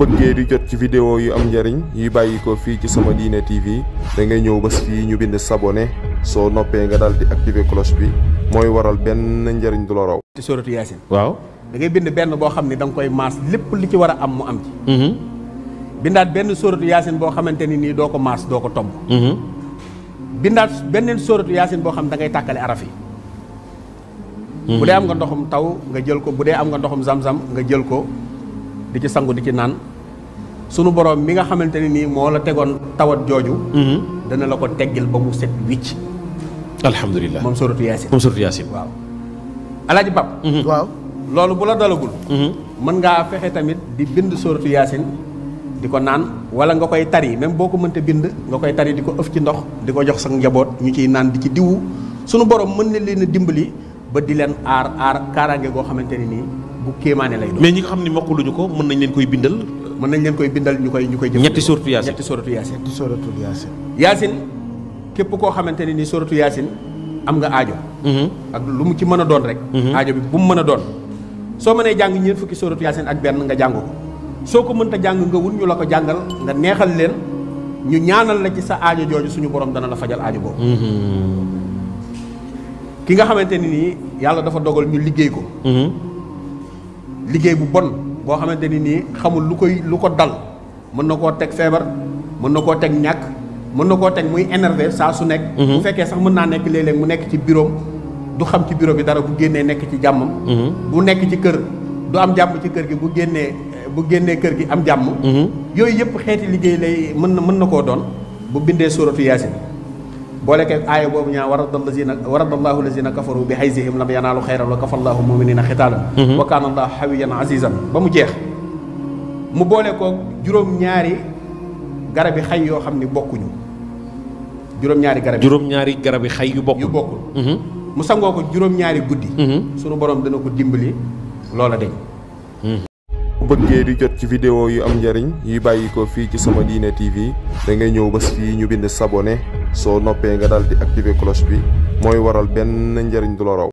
bëggee di jot ci vidéo yi am njariñ yi bàyyi ko fii ci sama diine TV dangay ñëw bés fii ñu bind sabone soo noppee nga daal di activer cloche bi mooy waral benn njariñ du la raw. ci sóoratu yaasin. waaw da bind benn boo xam ne da koy maas lépp li ci war a am mu am mm-hmm. bindaat benn sóoratu boo xamante ni nii doo ko maas doo ko tomb. Mm-hmm. bindaat beneen sóoratu yaasin boo xam da dangay tàkkale araf yi. Mm-hmm. bu dee am nga ndoxum taw nga jël ko bu dee am nga ndoxum zam-zam nga jël ko. di ci sangu di ci nan sunu borom mi nga xamanteni ni mo la tegon tawat jooju mhm. dana la ko teggil ba mu set wicc Alhamdulillah. mom suratu yasin mom suratu yasin waaw pap mhm. waaw loolu bu la dalagul man mhm. nga fexé tamit di bind suratu yasin di nan wala nga koy tari même boko meunte bind nga koy tari di euf ci ndox di jox sax njabot ñu ci nan di ci diwu sunu borom meun na leen dimbali ba di leen ar ar karange go xamanteni ni bu kéemaane lay doon. mais ñi nga xam ne mokkuluñu ko mën nañ leen koy bindal. mën nañ leen koy bindal ñu koy ñu koy. ñetti sooratu yaasin ñetti sooratu yaasin. ñetti sooratu yaasin. yaasin képp koo xamante ne ni sooratu yaasin am nga aajo. Mhm. ak lu mu ci mën a doon rek. Mhm. aajo bi bu mu mën a doon. soo mënee jàng ñeent fukki sooratu yaasin ak benn nga jàng ko soo ko mën mënta jàng nga wut ñu la ko jàngal nga neexal leen ñu ñaanal la ci sa aajo jooju suñu borom dana la fajal aajo boobu. Mhm. ki nga xamante ne nii yàlla dafa dogal ñu liggéey ko. liggéey bu bon boo xamante ni nii xamul lu koy lu ko dal mën na koo teg feebar mën na koo teg ñàkk mën na koo teg muy énervé saa su nekk. Mhm. bu fekkee sax mën naa nekk léeg mu nekk ci bureau du xam ci bureau bi dara bu génnee nekk ci jàmmam. Mhm. bu nekk ci kër du am jàmm ci kër gi bu génnee bu génnee kër gi am jàmm. Mhm. yooyu yëpp xeeti liggéey lay mën na mën na koo doon bu bindee sóoratu yaasin. boole ko aaya boobu ñaa warada lazina warada allahu lazina kafaru bi hayzihim lam yanaalu xayran wa kafa allahu muminina xitaalan mhm. wa kaana allahu xawiyan azizan ba mu jeex mu boole ko juróom-ñaari garabi xay yoo xam ni bokkuñu juróom-ñaari garab juróom-ñaari garabi xay yu bokkul mhm. mu sangoo ko juróom-ñaari guddi mhm. sunu borom dana ko dimbali loola deñ bu bëggee di jot ci vidéo yi am njëriñ yi bàyyi ko fii ci sama diine tv da ngay ñëw bés fii ñu bind sabonné soo noppee nga daal di activer cloche bi mooy waral benn njëriñ du la